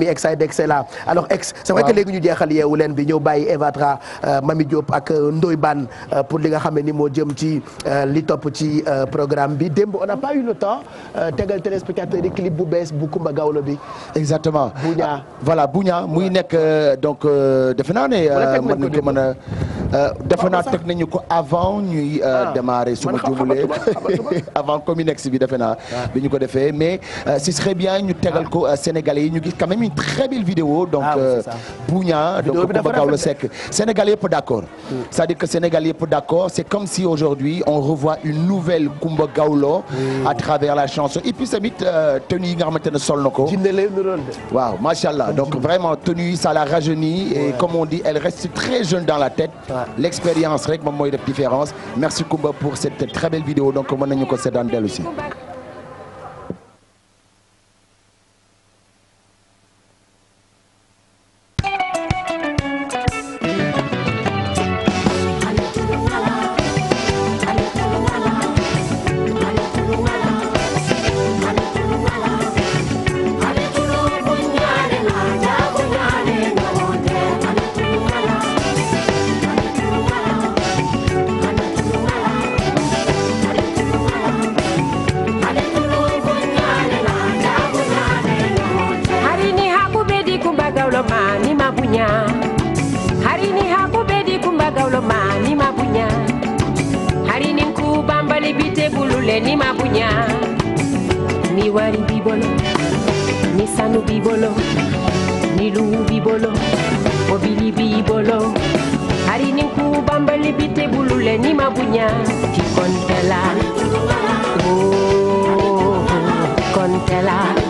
mi ex ay dex là alors ex c'est vrai que ñu jeexal yeewu leen bi ñëw bàyyi Evatra euh, Mami Diop ak euh, Ndoy Ban euh, pour li nga xam ne ni moo jëm ci li topp ci programme bi démb on n'a pas eu le temps tegal téléspectateur yi clip bu bees bu Kumba Gawlo bi exactement Buña ah, voilà Buña muy nekk donc defe naa ne mën a Euh, defe naa teg nañu ko avant ñuy euh, ah. démarrer suma jumulee avant Cominex bi defe naa ah. bi ñu ko defee mais euh, ce serait bien ñu tegal ah. ko sénégalais yi ñu gis quand même une très belle vidéo donc Bougna donc Coumba Gawlo Seck sénégalais yëpp d'accord mm. c'est-à-dire que sénégalais yëpp d'accord c'est comme si aujourd'hui on revoit une nouvelle Coumba Gawlo mm. à travers la chanson et puis tamit tenue yi nga xamante ne sol na ko waaw machallah donc vraiment tenue ça la rajeunit et comme on dit elle reste très jeune dans la tête l'expérience rek moom mooy def différence merci Koumba pour cette très belle vidéo donc mën nañu ko seetaan dellu si ni makunya ni wari bibolo ni sanu bibolo ni lu bibolo obili bibolo hari ni ku bambali bite bulule ni mabunya ki kontela oh kontela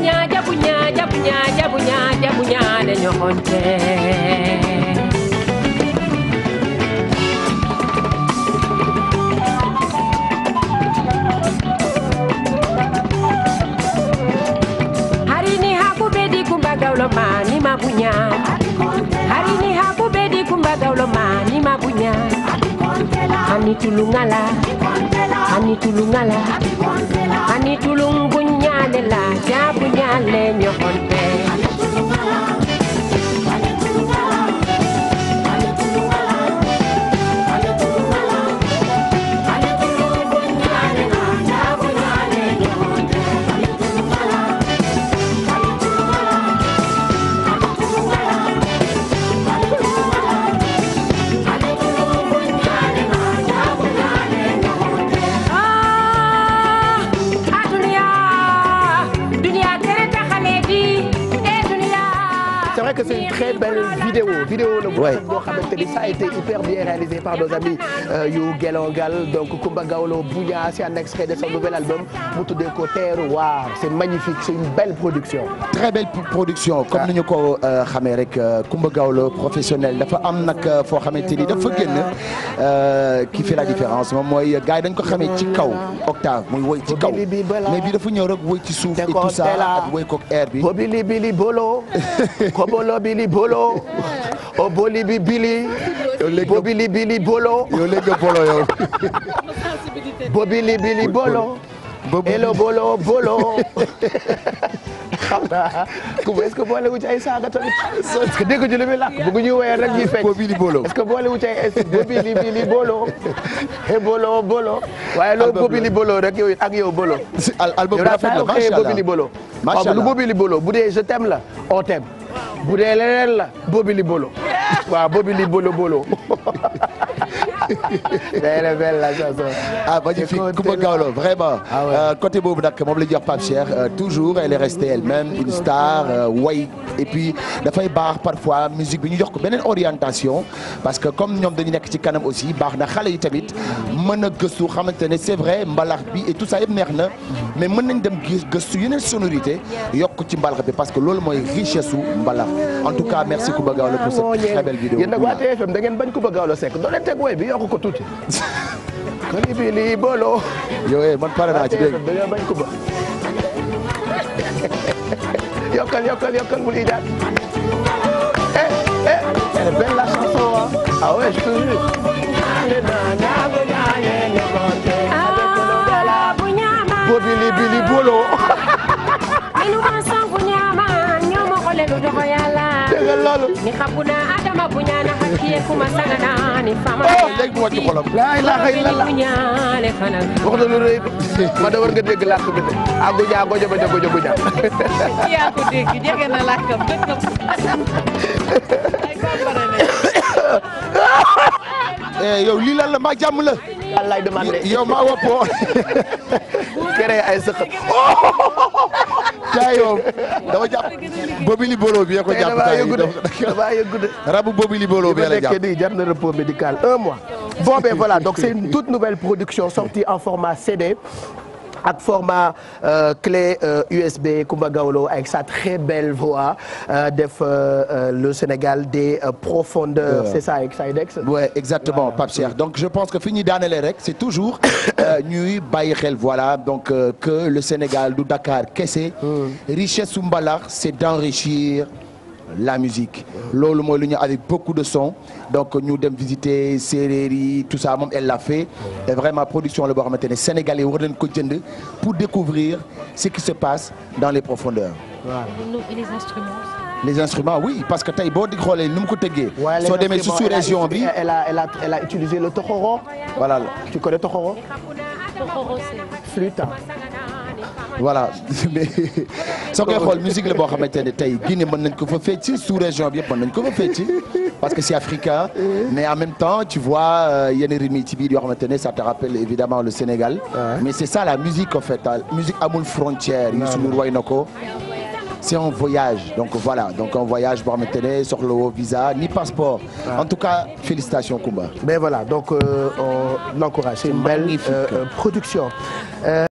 jabuña jabuña ni ma bunya hari ni haku bedi ni ma bunya ani tulungala ani tulungala ani tulung bunyale la ja bunyale nyohon très belle vidéo vidéo la bu rafet boo xamante ni ça a été hyper bien réalisé par nos amis euh, yu Gelongal donc Kumba Gawlo Bouña c'est un extrait de son nouvel album mu tuddee ko Terroir c'est magnifique c'est une belle production très belle production comme ni ñu ko euh, xamee rek Kumba euh, Gawlo professionnel dafa am nag foo xamante ni dafa génn qui fait la différence moom mooy gars yi dañ ko xamee ci kaw octave muy woy ci kaw mais bi dafa ñëw rek woy ci suuf et tout ça ak woy kook air bi bili bolo o boli bi bili bobili bili bolo yow léegi bolo yow bobili bili bolo elo bolo bolo xam naa est-ce que boole wu ci ay saaga tamit est-ce que dégg nga lu muy làkk bëgg ñu woyal rek ñuy fekk bobili bolo est-ce que boole wu ci ay bobili bili bolo e bolo bolo waaye loolu bobili bolo rek yow ak yow bolo album rafet la macha allah yow daal saa yoo xëyee bobili bolo macha allah lu bobili bolo bu dee je t'aime la on t'aime bu dee la la bobi li bolo waaw bobi li bolo bolo day la belle la chanson. ah magnifique Coumba Gawlo vraiment. Ah euh, côté boobu nag moom la ñuy wax Pape Cheikh euh, toujours elle est restée elle-même une star euh, way et puis dafay baax parfois musique bi ñu jox ko beneen orientation parce que comme ñoom dañu nekk ci kanam aussi baax na xale yi tamit mën a gëstu c'est vrai mbalax bi et tout ça yëpp neex na mais mën nañ dem gëstu yeneen sonorité yokk ci mbalax bi parce que loolu mooy richesse su mbalax en tout cas merci Coumba Gawlo pour cette ah, très belle vidéo. yéen nag waa TFM da ngeen bañ Coumba Gawlo Seck doo leen yàqu ko tuuti. xali bi lii booloo. yow eh, man pare naa ci dégg nga bañ ko ba. yokkal yokkal yokkal mu lii daal. eh eh. c'est eh, une belle chanson ah. ah ouais je te jure. boo bili bili booloo. dégg nga loolu. Oh, léegi mu wàcc xolam. laa ilaaha illallaah wax na lu rëy ma da war nga dégg làkk bi de ah guñaa gojo ba gojo guñaa. yaa ko dégg jege na làkkam dëkkam. Eh, yow lii lan la maa jàmm la. wallaay demandé yow maa woppoo. créé ay sëqët. tay yow dama bi bobili bolo bi ko jàpp tay dama yëgu de rabu bobili bolo bi la jàpp di jar na repos médical un mois bon ben voilà donc c'est une toute nouvelle production sortie en format CD ak format euh, clé USB euh, Kumba Gawlo avec sa très belle voix euh, euh, le Sénégal des profondeurs c'est ça avec Sidex ouais exactement Pape donc je pense que fi ñuy daanele rek c'est toujours ñuy bàyyi xel voilà donc que le Sénégal du Dakar kese mm. richesse su mbalax c'est d'enrichir la musique loolu mooy lu ñu avec beaucoup de son donc ñu dem visiter séeréer yi tout ça moom elle l'a fait et vraiment production la boo xamante ne sénégalais war nañ ko jënd pour découvrir ce qui se passe dans les profondeurs voilà. les instruments oui parce que tey boo di xoolee ni mu ko tëggee. soo demee si bi elle a elle a elle a utilisé le tokhoro. voilà tu connais voilà mais. soo koy xool musique la boo xamante ne tey Guinée mën nañ ko fa fecc sous région bi yëpp mën ko fa parce que c'est africain mais en même temps tu vois euh, yenn rythme yi ci biir yoo xamante ne ça te rappelle évidemment le Sénégal mais c'est ça la musique en fait musique amul frontière Youssou Ndour way na ko c'est un voyage donc voilà donc un voyage boo xamante ne soxla woo visa ni passeport en tout cas félicitations Koumba mais voilà donc euh, on l'encourage c'est une belle euh, production euh,